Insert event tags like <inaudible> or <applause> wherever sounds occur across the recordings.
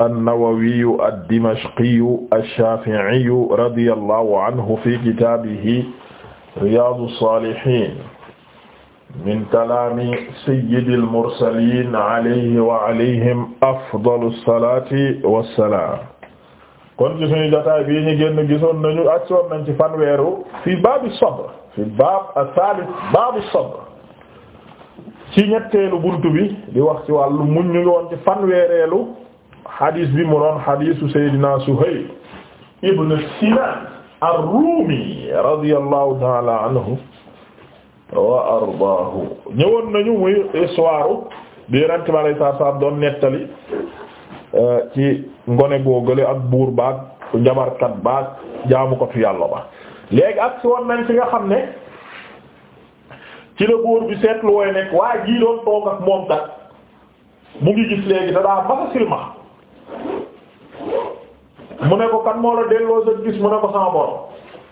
an-Nawawiyu ad-Dimashqiyu ash-Shafi'iyu radiyallahu anhu fi kitaabihi Riyaadu s-Saalihiin min kalaami sayyidil mursaliin alayhi wa alayhim afdalu s-salaati wa s-salaam. kon ci suñu jotaay bii ñu génn gisoon nañu ak soon nañ ci fanweeru fi baabi sabr fi baab as-saalis baabu sabr ci ñetteelu buntu bi di wax ci wàllu muñ ñu woon ci fanweereelu. xadis bi mu doon xadisu Seydina Suhayl ibn Sinan ar-Rumi radiyallahu ta'ala anhu wa ardaahu ñëwoon nañu muy histoire bi Yonent bi alayhi salaatu salaam doon nettali euh, ci ngone googale ak buur baag njabarkat baag jaamukatu yàlla ba léegi ak si woon nañ fi nga xam ne ci la buur bi seetlu wooy nekk waa jii doon toog ak moom kat mu ngi gis léegi da daa masa silma mu ne ko kan moo la delloo sa gis mu ne ko sama borom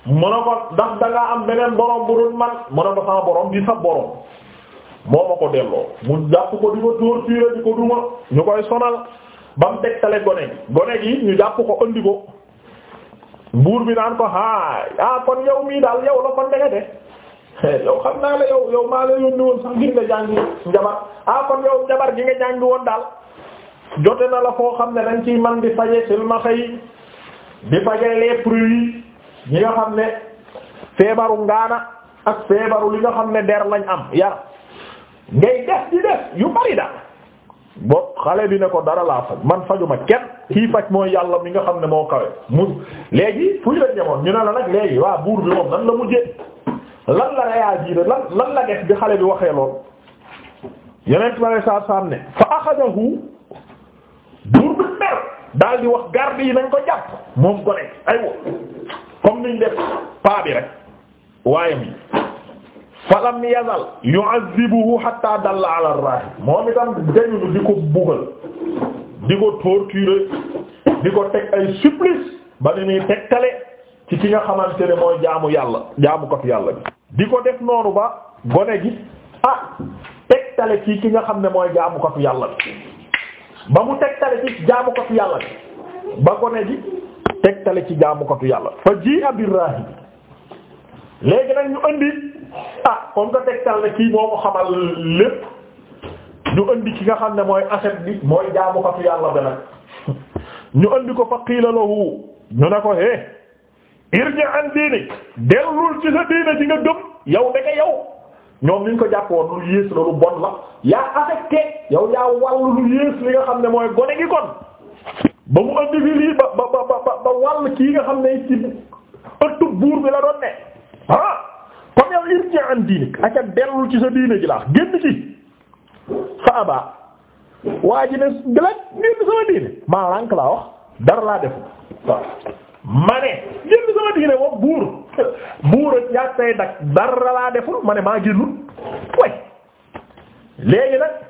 mu ne ko ndax dangaa am beneen borom bu man mu ne ko borom di sa borom moo ma ko delloo mu jàpp ko di ko torturer di ko duma ñu koy sonal ba mu tegtale gone gi gone gi ñu jàpp ko andi ko buur bi naan ko haa ah kon yow mii daal yow la kon dege de <laughs> yow xam naa la yow ma maa la yónni woon sax ngir nga jàngi njabar ah kon yow njabar gi nga jàngi woon jote na la foo xam ne dañ ciy man di faje silmaxa di fajee les fruits ñi nga xam ne feebaru ngaana ak feebaru li nga xam ne der lañ am yaram ngay def di def yu bari daal bo xale bi ne ko dara laa faj man fajuma kenn kii faj mooy yàlla mi nga xam ne moo kawe mu léegi fu ñu la ñemoon ñu ne la nag léegi waa buur bi moom nan la mujjee lan la réagir lan lan la def bi xale bi waxee lool yeneen ma ne saar saar ne fa axadahu buur bi mer daal di wax garde yi nañ ko jàpp moom ko nekk ay wo comme niñ def paa bi rek waaye mi falam yazal yu'azzibuhu hatta dalla ala ar-rahib moom itam dañu di ko bugal di ko torturer di ko teg ay supplice ba ni muy tegtale ci ki nga xamante ne mooy jaamu yàlla jaamu ko yàlla bi di ko def noonu ba gone gi a ah tegtale ci ki nga xam ne mooy jaamu ko yàlla bi ba mu tegtale ci jaamukatu yàlla bi ba gone ji tegtale ci jaamukatu yàlla fa ji abir rahib léegi nag ñu andi ah comme que tegtal na kii moo ko xamal lépp ñu andi ki nga xam ne mooy aset bi mooy jaamukatu yàlla bi nag ñu andi ko fa qiila lahu ñu ne ko hé eh, irji an diinik dellul ci sa diina ci nga gëm yow ndeke yow ñoom liñ ko jàppoon lu yées la lu bon la yaa affecté yow yaa wàll lu yées li nga xam ne mooy gone gi kon ba mu andi fi lii ba ba ba ba wàll kii nga xam ne ci ëttu buur bi la doon ne ah comme yow irji an diinik aka dellu ci sa diine ji laax génn ci fa aba waa ji ne galaaj génn sama diine maa lànk laa wax dara laa def waaw sama diine moom buur buur ak yaa tay dara laa deful ma ne maa génnul way léegi nag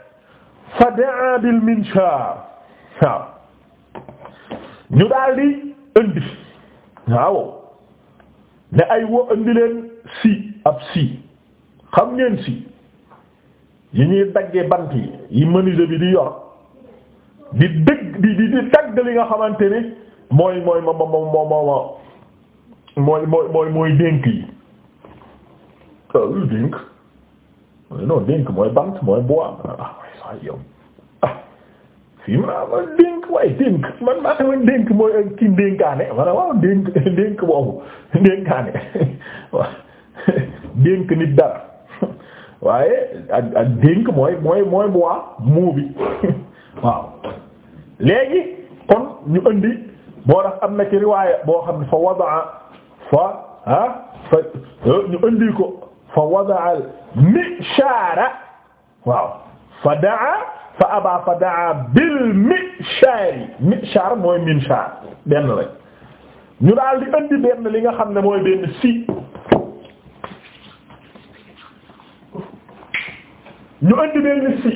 fa daa bil minshaar waaw ñu daal di indi waaw ay wo indi leen si ab si xam ngeen si yi ñuy daggee bant yi yi menuisier bi di yor di dëgg di di dagg li nga xamante ne mooy mooy ma mooy mooy mooy mooy dénk yi waaw euh, luy dénk non dénk mooy bant mooy bois ah, ah waaye yow ah fii ma ma dénk waaye dénk mooy ci dénkaane ma ne waaw dénk <laughs> dénk boobu <laughs> dénkaane <laughs> waaw dénk nit dara waaye ak mooy mooy mooy bois muu bi waaw léegi kon ñu boo na ci riwaaya boo xam ne fa wadaa fa ah fa euh, ñu indi ko fa wada'a mishaara waaw fa daa fa aba fa daa bil mishaari mishaar mooy minshaar benn lañ ñu daal di indi benn li nga xam ne mooy benn si ñu indi benn si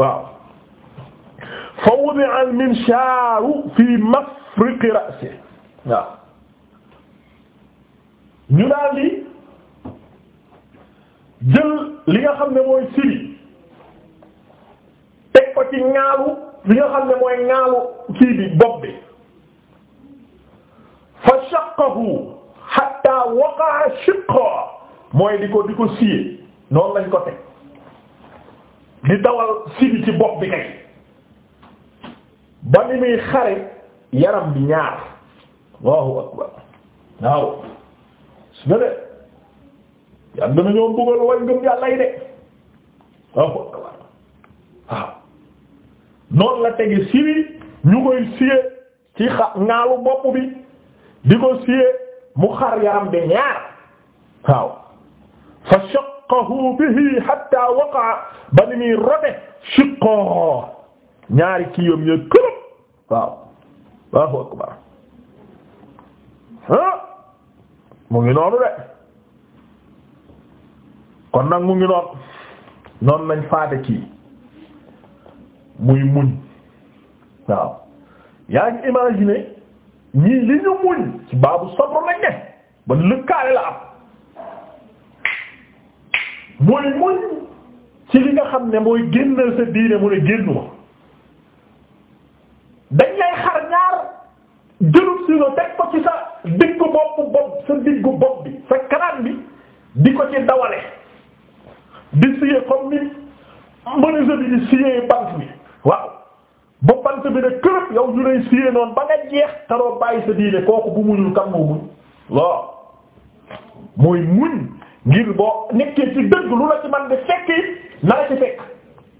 waaw fa wada'a al minshaaru fi mafriqi ra'sihi waaw ñu daal di jël li nga xam ne mooy siri teg ko ci ñaalu li nga xam ne mooy ñaalu kii bi bopp bi fa shaqqahu hatta waqa'a shiqqa mooy di ko di ko siyee noonu lañ ko teg di tawal siri ci bopp bi kay ba ni muy xare yaram bi ñaar Allahu akbar waaw na de yàgg na ñoo la tegi siri ñu koy siyee ci xa ŋaalu bi di ko siyee mu xar yaram bi de waaw fa shaqqahu bihi hatta waqa'a ba ni muy rote shiqqa ñaari kiyom ya waaw waaw akbar ha mu ngi noonu de kon nag mu ngi noonu noonu lañ faate kii muy muñ waaw yaa ngi imaginer ñii li ñu muñ ci baabu sabr lañ ne ba lëkkaale la am muñ ci li nga xam ne mooy génnal sa diine mu ne génnu ma stylo teg ko ci sa diggu bopp bopp sa diggu bopp bi sa kanam bi di ko ci dawale di scier comme ni menuisier bi di scier bant bi waaw ba bant bi ne kërëb yow ñu lay scier noonu ba nga jeex taroo bàyyi sa diine kooku bu muñul kan moo muñ waaw mooy muñ ngir boo nekkee ci dëgg lu la ci man di fekki na la ci fekk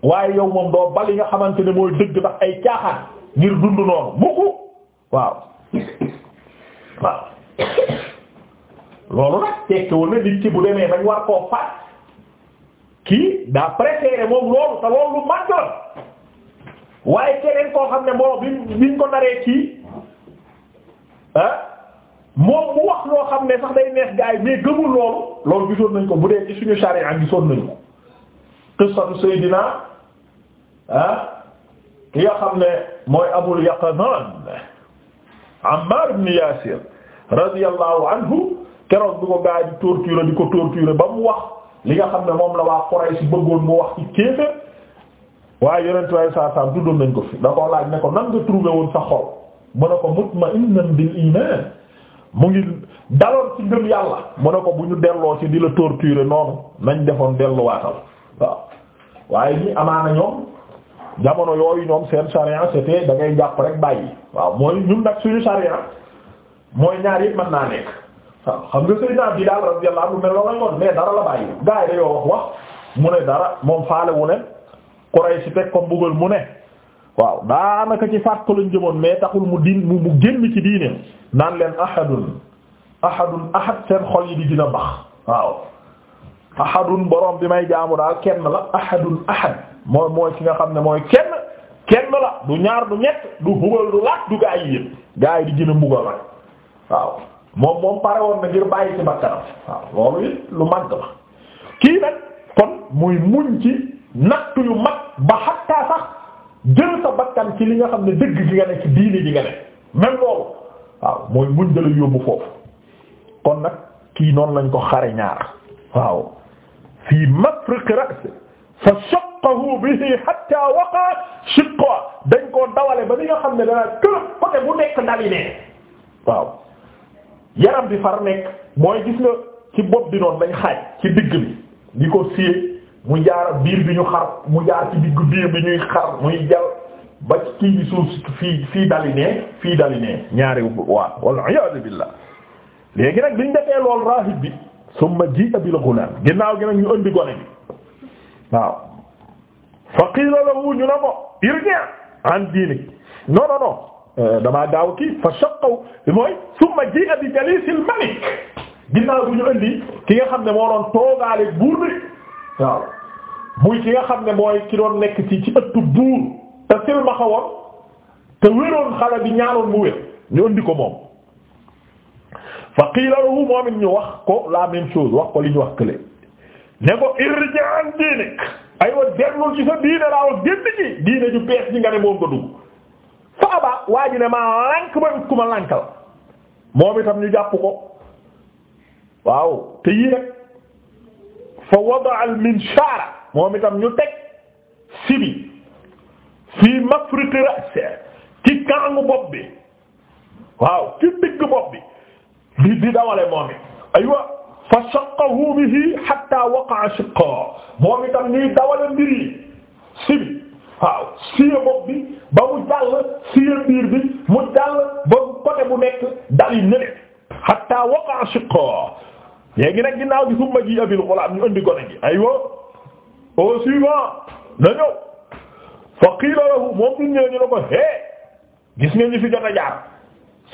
waaye yow moom doo bal yi nga xamante ne mooy dëgg ndax ay caaxaan ngir dund noonu mukk waaw waaw loolu nag tekkiwul ne nit ki bu demee bañ war koo faat kii daa préféré moom loolu te loolu lu waaye keneen koo xam ne moo bi biñ ko naree kii ah moom mu wax loo xam ne sax day neex gaa yi mais gëmul loolu loolu gisoon nañ ko bu dee ci suñu charia gisoon nañu ko qissatu Seydina ah ki nga xam ne mooy Abul Yaqzan Ammar ibn Yasir radiyallahu anhu keroog bi ko gaa yi torturé di ko torturé ba mu wax li nga xam ne moom la waa Quraysh bëggoon mu wax ci kéefër waaye yonent waaye saa tuddoon nañ ko fi da koo laaj ne ko nan nga trouvé woon sa xol mu ne ko mutma'innan bil iman mu ngi daloon ci ngëm yàlla mu ne ko bu ñu delloo ci di la torturé noonu nañ defoon delluwaatal waaw waaye ñi amaana ñoom jamono yooyu ñoom seen charia c'était da ngay jàpp rek bàyyi waaw mooy ñun nag suñu charia mooy ñaar yëpp mën naa nekk waaw xam nga Seydina Bilaal radiyallahu anhu mel loolu lañ woon mais dara la bàyyi gaa yi wax mu ne dara moom faale wu ne si teg ko mbugal mu ne waaw daanaka ci faat ko lañ jëmoon mais taxul mu din mu génn ci diine naan leen ahadun ahadun ahad seen xol yi di dina bax waaw ahadun borom bi may jaamu daal kenn la ahadun ahad mooy mooy ki nga xam ne mooy kenn kenn la du ñaar du ñett du bugal du laat du gaa yi yëpp gaa yi di gën a mbugal rek lu mag la kii nag kon muy muñ ci nattu yu mag ba xattaa sax jël sa bakkan ci li nga xam ne dëgg gi nga ne ci diini gi nga ne même loolu waaw mooy muñ jëla yóbbu foofu kon nag kii noonu lañ ko xare ñaar waaw fii mafriq ra'si fa shaqqahu bihi hatta waqa shiqqa dañ koo dawale ba li nga xam ne danaa kër côté bu nekk ndal yi ne waaw yaram bi far nekk mooy gis nga ci bopp bi noonu lañ xaaj ci digg bi di ko siyee mu jaar biir bi ñu xar mu jaar ci digg biir bi ñuy xar muy jal ba ci kii bi suuf fii fii dali nee fii dali nee ñaari waa wal iyaadu billah léegi nag biñ defee lool raahib bi summa ji'a bil ghulam ginnaaw gi nag ñu andi gone bi waaw fa qila lahu ñu ne ko an diinik non non non euh, kii fa shaqqa mooy summa ji'a bi jalis al malik ginnaaw gi ñu andi ki nga xam ne moo doon toogaale buur bi waaw muy ki nga xam ne mooy ki doon nekk ci ci at buur te silmaxa woon te wéroon xale bi ñaanoon mu wér ñu andi ko moom fa qiila lahu moom it ñu wax ko la même chose wax ko li ñu wax kële ne ko irji an diinik aywa dellul ci sa diine laa wax génn ci diine ju bees ji nga ne moom nga dugg fa aba ne maa lànk man ñu jàpp ko waaw moom itam ñu teg sibi fii mafriqi ra'si ci kangu bopp bi waaw ci digg bopp bi di di dawale moom it aywa fa shaqqahu bihi hatta waqa'a shiqqa moom itam nii dawale mbir yi si bi waaw ba mu jàll siye biir bi mu jàll ba côté bu nekk dal yi nële hatta waqa'a shiqqa léegi nag ginnaaw bi summa ji abil ghulam ñu andi gone gi aywa au suivant na ñëw fa qiila lahu moom ñu ñëw ne ko hee gis nga ñu fi jot a jaar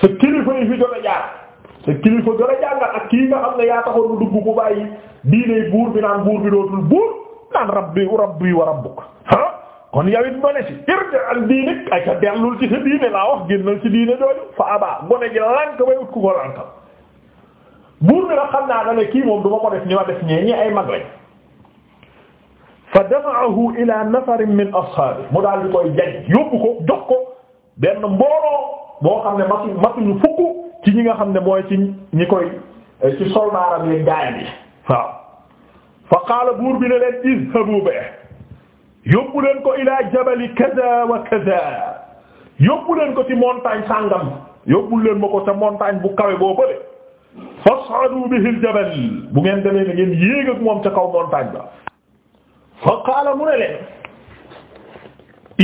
sa kilifa fi jot a sa kilifa gën a ak kii nga xam ne yaa taxoon mu dugg bu bàyyi diine buur bi naan buur bi dootul buur naan rabbi rabbi wa rabbuk ah kon yow it ma ne si irja al diinik ay sa dellul ci sa diine laa wax génnal ci diine dooju fa abaa gone ji lànk bay ut ku ko lànkal buur bi nag xam naa dana kii moom du ma ko def ñi ma def ñee ñi ay ci ñi nga xam ne mooy ci ni koy eh, ci soldaaram yi gaay bi waaw fa qaala buur bi ne leen izhabu be yóbbu leen ko ila jabali kaza wa kaza yóbbu leen ko ci montagne sàngam yóbbu leen ma ko ca montagne bu kawe boo bële fas'adu bihi al-jabal bu ngeen demee ne ngeen yéeg ak moom ca kaw montagne ba fa qaala mu ne leen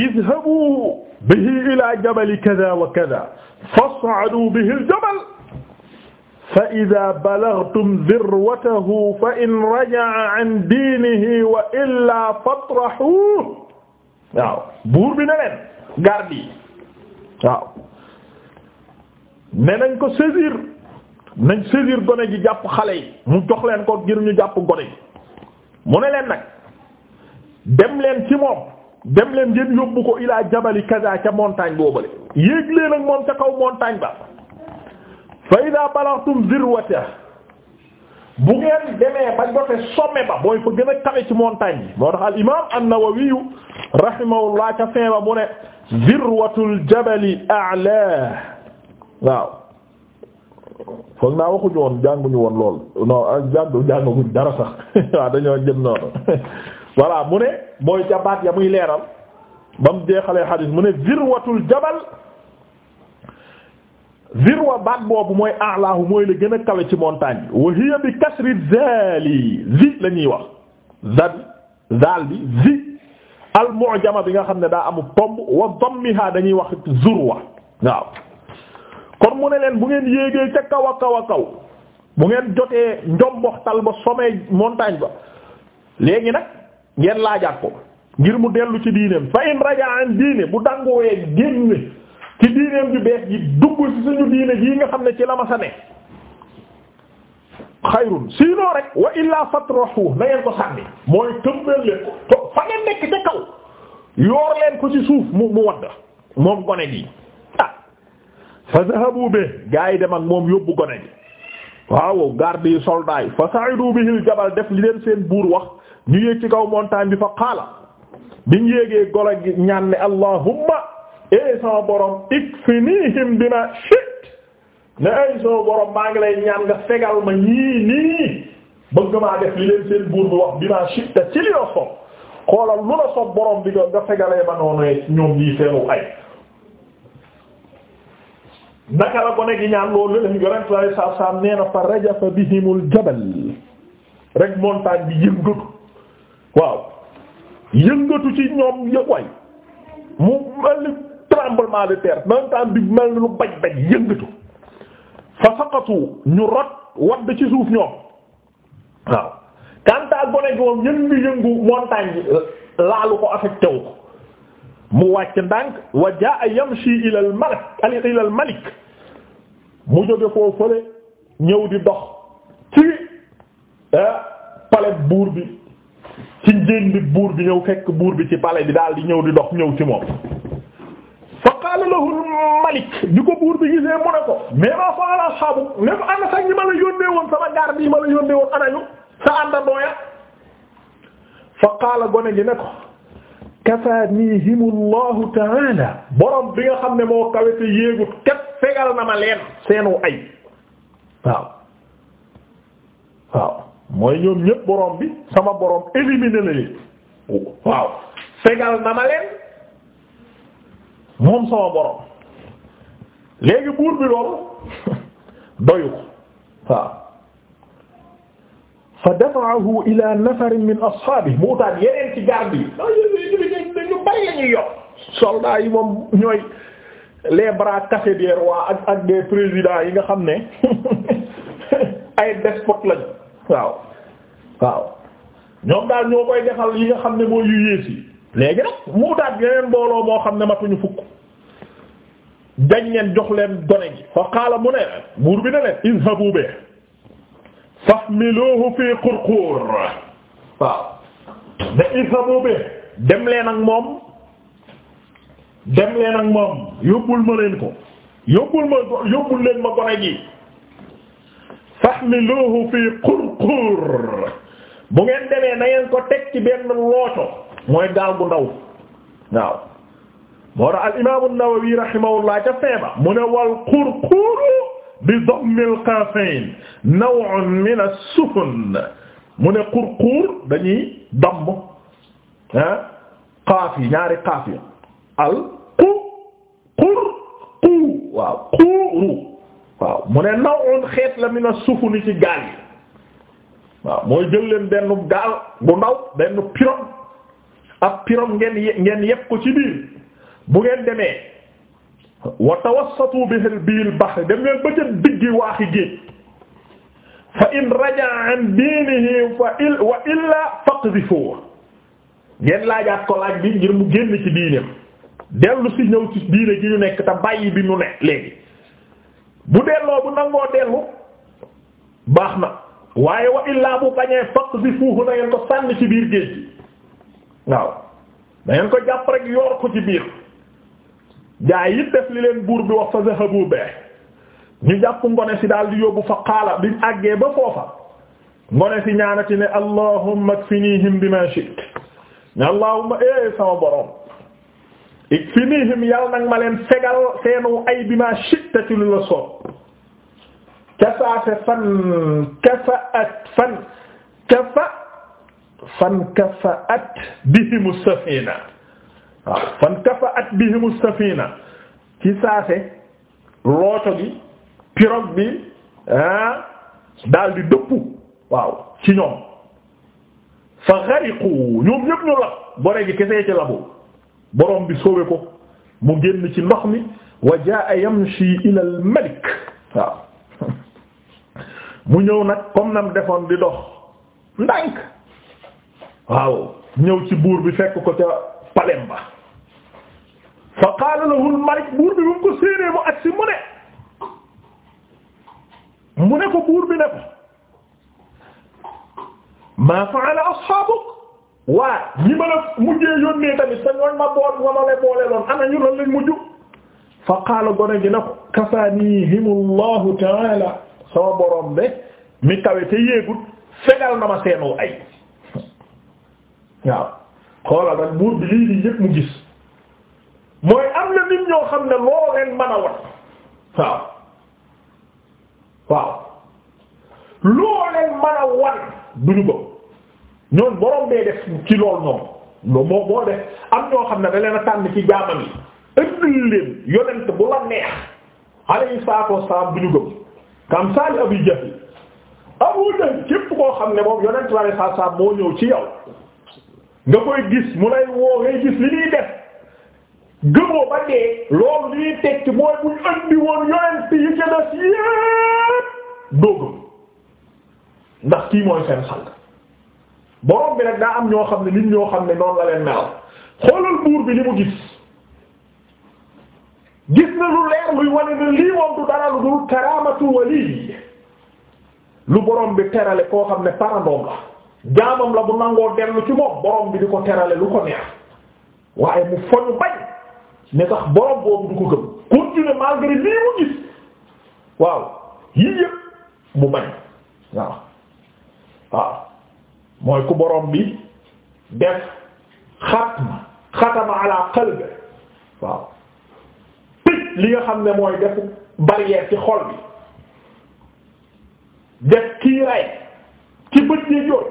izhabu bihi ila jabali kaza wa kaza fas'adu bihi al-jabal fa idaa balagtum dirwatahu fa in raja'a an diinihi wa illaa fatrahuuhu waaw buur bi ne leen garde yi waaw ne nañ ko saisir nañ saisir gone ji jàpp xale yi mu jox leen ko ngir ñu jàpp gone ji mu ne leen nag dem leen ci moom dem leen ngeen yóbbu ko ilaa jabali kaza ca montagne yéeg leen ak moom ca kaw montagne ba fa ida balaghtum zirwata bu ngeen demee ba jote sommet ba mooy fa gën a kawe ci montagne bi moo tax al imam an-Nawawi rahimahullah ca fin ba ne zirwatul jabali a'la waaw foog woon jànguñu lool non dara sax <laughs> waaw dañoo jëm noonu <laughs> voilà mu ne mooy jabaat ya muy leeral ba mu jeexalee xadis mu ne virwatul jabal virwa baat boobu mooy a'lahu mooy la gën a kawe ci montagne wa hiya bi kasri zali zi la ñuy wax zad zal bi zi al mu'jama bi nga xam ne daa amu tomb wa dammiha dañuy wax zurwa waaw kon mu ne leen bu ngeen yéegee ca kaw a kaw a kaw bu ngeen jotee njomboxtal ba sommet montagne ba léegi nag ngeen laajaat ko ngir mu dellu ci diineem fa in raja diine bu danguwee génne ci diineem ju bees ji dugg ci suñu diine jii nga xam ne ci la ma sa ne xayrun sinon rek wa illaa fatrahu na ngeen ko sànni mooy tëmbal leen ko fa ngeen nekk ca kaw yoor leen ko ci suuf mu mu wadd moom gone gi ah fa dhahabu be gaa yi dem ak moom yóbbu gone gi waaw garde yi soldat yi fa sa'idu bihil jabal def li leen seen buur wax ñu yéeg ci kaw montagne bi fa qaala biñ yéegee golo gi ñaan ne allahumma ee eh sama borom ikfinihim bima shit ne ay eh sama borom maa ngi lay ñaan nga fegal ma ñii nii bëgg maa def li leen seen buur bi wax bima shit ci li la sopp xoolal lu la sopp borom bi nga fegalee ma noonu ñoom ñii seenu ay naka la ko nekk ñaan loolu la yonent sallallahu alayhi wasallam nee na fa rajafa bihimul rek montagne bi yëngatu waaw yëngatu ci ñoom yëg way mu mel ni tremblement de terre même temps bi mel lu baj baj yëngatu fa saqatu ñu rot wadd ci suuf ñoom waaw kanta gone gi moom yëngu yëngu montagne laalu ko affecté mu wàcc ndànk wa jaa yamshi ila al malik ila al malik mu jóge foofu fële ñëw di dox ci eh, palais buur bi ci njëndi buur bi ñëw fekk buur bi ci palais bi daal di ñëw di dox ñëw ci moom fa qaala lahu malik bi ko buur bi gisee mu ne ko mais ma faala ashabu ne ko ana sax ñi ma la yónnee woon sama gaar bi ma la yónnee woon anañu sa ànda dooya fa qaala gone gi ne ko kafaanihimu allahu taala borom bi nga xam ne moo kawe te yéegut fegal na ma leen seenu ay waaw waaw mooy ñoom ñépp boroom bi sama borom éliminé la leen waaw fegal na ma leen moom sama borom léegi buur bi loolu <laughs> doyu ko waaw fa dafa'ahu ila nafar min ashaabihi mu utaat yeneen ci garde yi dañu bari la ñuy yokk yi moom ñooy les bras cassés ak ak des présidents yi nga xam ne <laughs> ay despotes lañu waaw waaw ñoom daal ñoo koy defal yi nga xam ne mooy yu yées yi léegi nag mu daat yeneen mbooloo moo xam ne matuñu fukk dañ leen jox leen gone gi fa qaala mu ne buur bi ne leen izhabu bi fahmiluhu fi qurqur waaw ne izhabu bi dem leen ak moom dem leen ak moom yóbbul ma leen ko yóbbul ma yóbbul leen ma gone gi tahmiluhu fii qurqur bu ngeen demee na ngeen ko teg ci benn looto mooy gaal gu ndaw waaw moo tax al imaamu Nawawi rahimahullah ca feeba mu ne wal qurquru bi dammil qafayn naw'un min as-sufun mu ne qurqur dañuy damm ah qaaf yi ñaari qaaf yi al qu qur qu waaw quru waaw mu ne nawun xeet la mina sufuni ci gaal yi waaw mooy jël leen benn gaal bu ndaw benn pirogue ab pirogue ngeen ngeen yépp ko ci biir bu ngeen demee wa tawassatu bihi bil bahr dem leen ba ca diggi waaxi géej fa in raja'a an diinihi fa il wa illa faqdhifuhu ngeen laajaat ko laaj bi ngir mu génn ci diineem dellu si ñëw ci diine gi ñu nekk te bàyyi bi ñu ne léegi bu delloo bu nangoo dellu baax na waaye wa illaa bu bañee faq si fuufu na ko sànni ci biir géej gi waaw na ko jàpp rek yor ko ci biir jaay yi def li leen buur bi wax fa zahabu bee ñu jàpp ngone si daal di yóbbu fa xaala biñ àggee ba foofa ngone si ñaanati ne allahumma kfinihim bima shi'ta allahumma eh sama borom ikfinihim yal nag ma leen fegal seenu ay bi ma shitta ci lu la soob kafaate fan kafaat fan kafa fan kafaat bihimu safina waaw fan kafaat bihimu safina ci saase looto gi pirogue bi ah daal di dëpp waaw ci ñoom fa xariqu ñoom ñëpp ñu la bore gi kese ci labu borom bi soowe ko mu génn ci ndox mi wa jaa yamshi ila al <laughs> mu ñëw nag kom nam defoon di dox ndànk waaw ñëw ci buur bi fekk ko ca palem ba fa qaala lahu al buur bi mu ko séenée mu agsi mu ne mu ne ko buur bi ne ko maa fa'ala waa ñi ma la mujjee yónnee tamit sa ñooñ ma boot ma la boole loon ana ñu lan lañ mujj fa qaala gone gi na ko kafaanihimullahu taala sama borom de mi kawe te yéegut fegal na ma seenu ay waaw xoolal rek buur bi lii lii yëpp mu gis mooy am na nit ñoo xam ne loo leen a wat waaw waaw loo leen mën a wat duñu ko ñoom borom bee def ci lool ñoom moo moo def am ñoo xam ne da leen tànn ci jaamam yi ëndil leen yonent bu la neex alayhi salaatu wassalaam bu ñu gëm kam saali Abu Jahl Abu Jahl képp koo xam ne moom yonent alayhi salaatu wassalaam moo ñëw ci yow nga koy gis mu lay woo ngay gis li ñuy def gëmoo ba dee loolu li ñuy tekki mooy bu ñu andi woon yonent yi ca des yépp doo gëm ndax kii mooy seen sang borom bi nag daa am ñoo xam ne nit ñoo xam ne noonu la leen melal xoolal buur bi li mu gis gis na lu leer luy wane ne lii moom du dara lu dul karaamatu lu borom bi terale koo xam ne parandoom la jaamam la bu nangoo dellu ci moom borom bi di ko terale lu ko neex waaye mu foñu bañ ne tax borom boobu du ko gëm continuer malgré lii mu gis waaw yii yëpp mu bañ waaw waaw mooy ku borom bi def xatma xatama ala qalbi waaw tëj li nga xam ne mooy def barrière ci xol bi def kiiraay ci bët yi jooy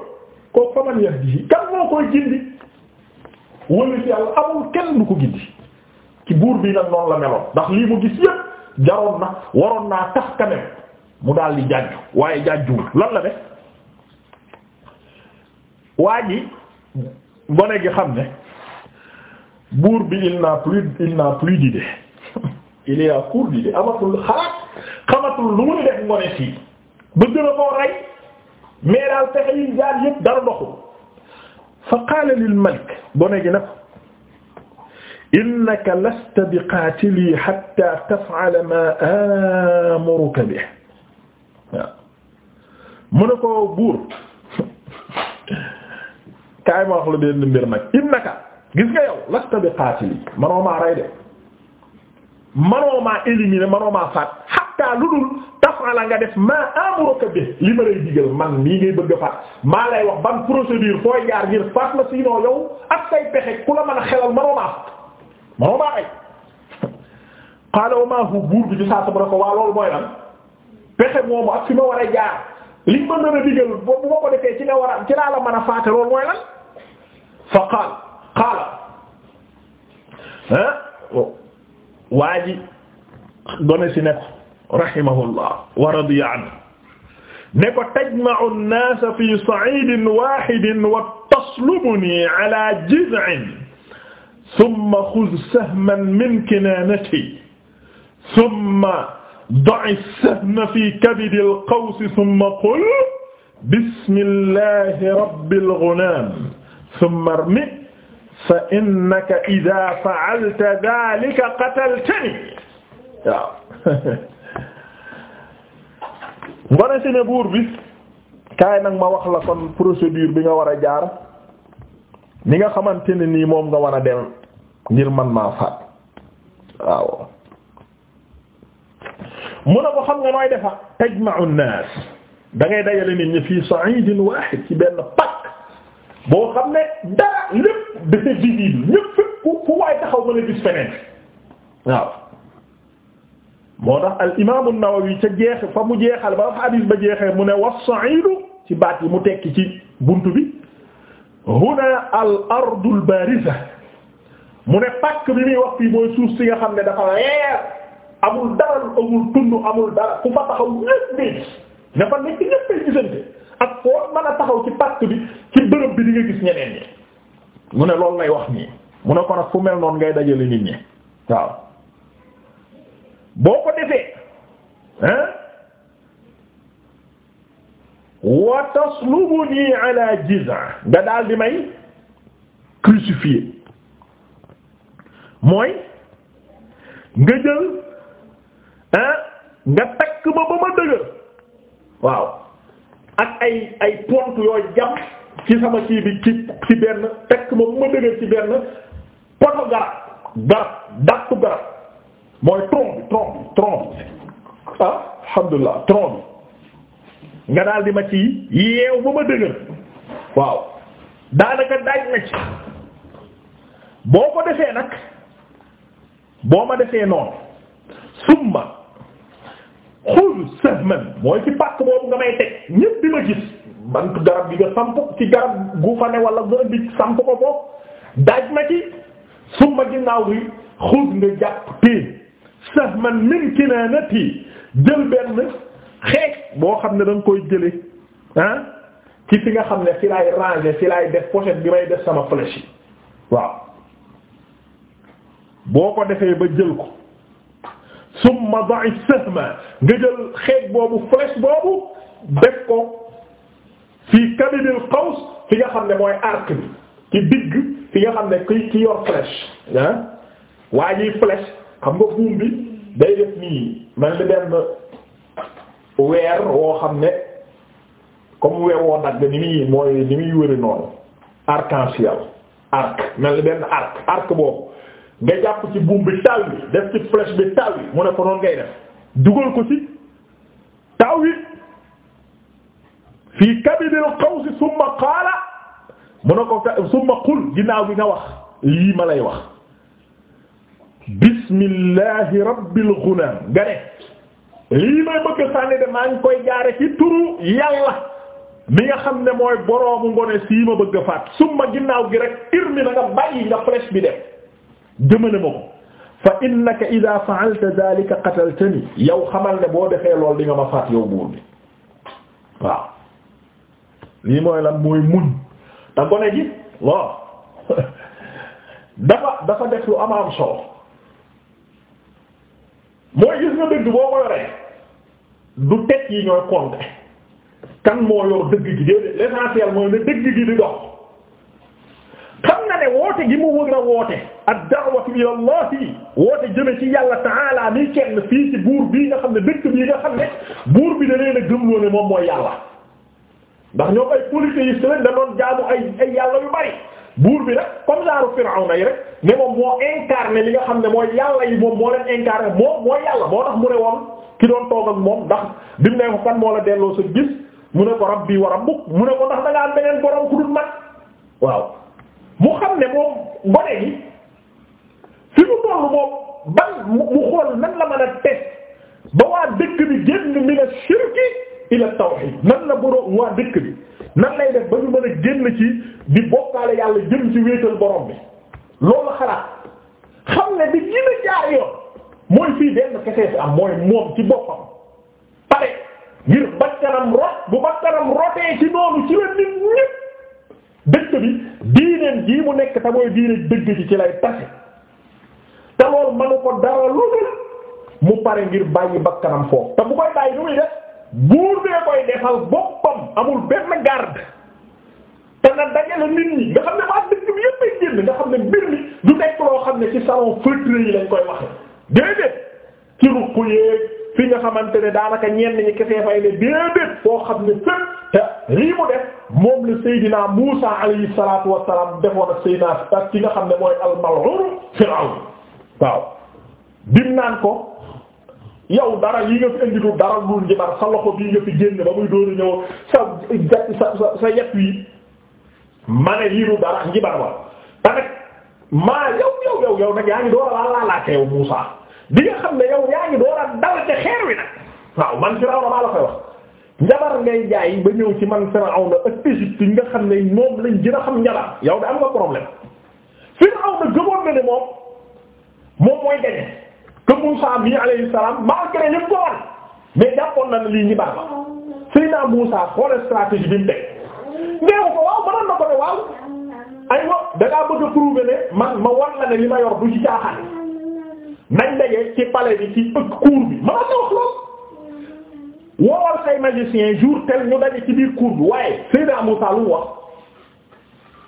kooku fa man yahdihi kan moo koy gindi wëlu ci yàlla amul kenn du ko gindi ci buur bi nag noonu la meloon ndax lii mu gis yépp jaroon na waroon naa tax quand même mu daal di jàjju waaye jàjjuwul lan la def waa ji gi xam ne buur bi il n'a plus il n'a plus d'idée <laughs> il amatul xalaat xamatul lu mu def ngone sii bëgg na koo rey mais daal pexe yi jaar yëpp dara doxul gi nag innaka lasta bi qaatili hatta taf'ala ma amuruka bi waaw mu <laughs> kaay ma wax la benn mbir nag innaka gis nga yow lasta bi qaatili manoo rey de manoo maa éliminer manoo faat hatta lu dul tafala nga def maa amuruka bi li ma lay digal man mii ngay bëgg a faat maa lay wax ban procédure fooy jaar ngir faat ma siinoo yow ak say pexe ku la mën a xelal manoo maa rey qaala wa buur bi ci saa sa mu waa loolu mooy lan pexe moomu ak fi ma war a jaar liñ ma mën a digal boobu ma ko defee ci la war a ci laa la mën a faate loolu mooy lan fa qaal qaala ah waa ji gone si ne ko rahimahullah wa radiya anhu ne ko tajma'u an-nas fi sa'idin wahidin wa taslubuni ala jiz'in thumma khudh sahman min kinanati thumma da'i sahma fi kabidil qawsi summa qul bismillahi rabbil ghulam summa rmi fa innaka idha fa'alta dhalika qataltani waaw <laughs> ngone si ne buur bi kaay nag ma wax la kon procédure bi nga war a jaar ni nga xamante ne nii moom nga war a dem ngir man maa faat waaw mu ne ko xam nga nooy defa tajma'u an-nas da ngay dajale nit ñi fii sa'idin wahid ci benn pak boo xam ne dara lépp dafa visible ñëpp fépp ku fu waay taxaw mën a gis feneen waaw tax al imam an-Nawawi ca jeex fa mu jeexal ba hadith ba jeexee mu ne was-sa'idu ci baat yi mu tekki ci bunt bi huna al ardu al bariza mu ne pak bi muy wax fii mooy suuf si nga xam ne dafa leer amul dara amul tund amul dara ku fa taxaw ñëpp ngay gis dafa nekk ñëpp ngay gisante ak foo mën a taxaw ci pacte bi ci bërëb bi di nga gis ñeneen ñi mu ne loolu lay wax nii mu ne ko nag fu mel noonu ngay dajale nit ñi waaw boo ko defee hein wa taslubuni ala jiz'a nga daal di may crucifié mooy nga jël nga takk ma ba ma dëgër waaw ak ay ay pont yooy jàpp ci sama kii bi ci ci benn takk ma ba ma dëgër ci benn poto garab garab dàqu garab mooy tronc bi tronc bi tronc bi ah alhamdulilah tronc bi nga daal di ma ci yeew ba ma dëgër waaw daanaka daaj na ci boo ko defee nag boo ma defee noonu summa xul sahman mooy ci pàkk boobu nga may teg ñépp di ma gis bant garab gi nga samp ci garab gu fa ne wala nga indi samp ko foofu daaj ma ci suma ginnaaw gi xul nga jàpp téye sahman min kinaanati jël benn xeej boo xam ne da nga koy jële ah ci fi nga xam ne fi laay ranger fi laay def pochette bi may def sama flèche yi waaw boo ko defee ba jël ko summa da'i sahma nga jël xeej boobu flèche boobu def ko fii kabidil qaws fi nga xam ne mooy arc bi ci digg fi nga xam ne ki ki yor flèche ah waa jiy flèche xam nga buum bi day def nii man li benn weer woo xam ne comme weer woo dagg ni mooy ni muy wëri noonu arc en arc mel ni benn arc arc boobu nga jàpp ci buum bi taw yi def ci flèche bi taw yi mu ne ko ngay def dugal ko ci taw yi fii kabidil qaws summa qaala mu ne ko summa qul ginnaaw bi nga wax lii ma lay wax bismillahi rabbil ghulam nga ne lii may bëgg sànni de maa ngi koy jaare ci turu yàlla mi nga xam ne mooy boroomu ngoon sii ma bëgg faat faat summa ginnaaw gi rek irmi na nga bàyyi nga flèche bi def jëmale ma ko fa innaka ida fa'alta dhalika qataltani yow xamal ne boo defee lool di nga faat yow buur bi waaw lii mooy lan mooy muñ te gone gi dafa dafa def lu ama am solo mooy gis nga dëgg boo ko yoree du teg yi ñooy compter kan moo yor dëgg gi déedéet l'essentiel mooy ne dëgg gi di dox xam na ne woote gi mu wër a woote ad-da'watu ila Allah woote jëme ci yàlla ta'ala mi kenn fii ci buur bii nga xam ne dëkk bii nga xam ne buur bi da leen a gëmloo ne moom mooy yàlla ndax ñoom ay polythéistes lañ da doon jaamu ay ay yàlla yu bari buur bi rek comme genre Firawna yi rek ne moom moo incarné li nga xam ne mooy yàlla yi moom moo leen incarné moom mooy yàlla moo tax mu ne woon ki doon toog ak moom ndax bi mu ne ko kan moo la delloo sa mu ne ko rabbi mu ne ko ndax da beneen borom ku dul man waaw mu xam ne moom gone gi fi mu tollu moom ban mu xool nan la man a test ba waa dëkk bi génn min ash-shirki ila tawhid nan la borom waa dëkk bi nan lay def ba ñu mën a génn ci di bokkaale yàlla jëm ci wéetal borom bi loolu xalaat xam ne di gën a jaar yoon mooy fii benn kese fi am mooy moom ci boppam pare ngir bakkanam rot bu bakkanam rotee ci noonu ci la nit ñépp dëkk bi diineen jii mu nekk te mooy diine dëgg ji ci lay tase te loolu manu ko dara lu dul mu pare ngir bàyyi bakkanam foofu te bu koy bàyyi nu muy def buur bee koy defal boppam amul benn garde te na dajale nit ñi nga xam ne waa dëkk bi yëpp génn nga xam ne mbir mi du nekk loo xam ne ci salon feutré yi lañ koy waxe déedéet ci ruq yeeg li nga xamante ne daanaka ñenn ñi kese fay ne déedéet foo xam ne fépp te lii mu def moom la Seydina Muusa alayhi salaatu wa defoon ak Seydina ak ki nga xam ne mooy al-mal'un Fir'awn waaw dim naan ko yow dara yi nga fi indi dara lu njibar sa loxo bii nga fi génn ba muy dóoru ñëw sa sa sa yet wi ma ne lii dara njibar ba te nag maa yow yow yow yow yaa ngi door a laa laa laajte yow Muusa bi nga xam ne yow yaa ngi door a dal ci waaw man Firawna maa la koy wax njabar ngay jaay ba ñëw ci man Firawna ak Égypte nga xam ne moom lañ gën a xam njabar yow da am nga problème Firawna gëmoon na ne moom moom mooy gañe que Moussa mi alayhi salaam malgré ñëpp ko war mais jàppoon na ne lii ñi baax la Seydina Moussa xoolal stratégie bi mu teg neew ko waaw mënoon na ko waaw aywa da ngaa bëgg a prouver ma war la ne li ma yor du ci caaxaan. nañ daje ci palais bi ci ëpp cour bi ma la wax lool woowal say magicien jour tel ñu daje ci biir cour bi waaye Seydina Musa lu wax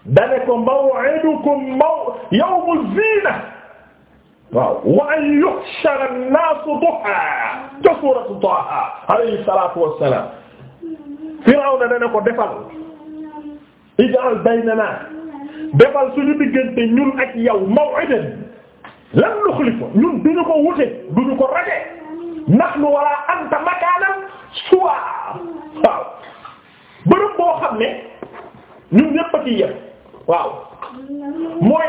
dane ko maw'idukum maw yawmu zina waaw wa an yuhshara an-nasu duha ca suuratu Taaha alayhi salaatu wassalaam Firawna dane ko defal ij'al baynana defal suñu diggante ñun ak yow maw'idan lan nuxlifa ñun duñu ko wute duñu ko rate ndax nu wala anta makaanan suwa waaw bërëb boo xam ne ñun ñépp a ci yem waaw mooy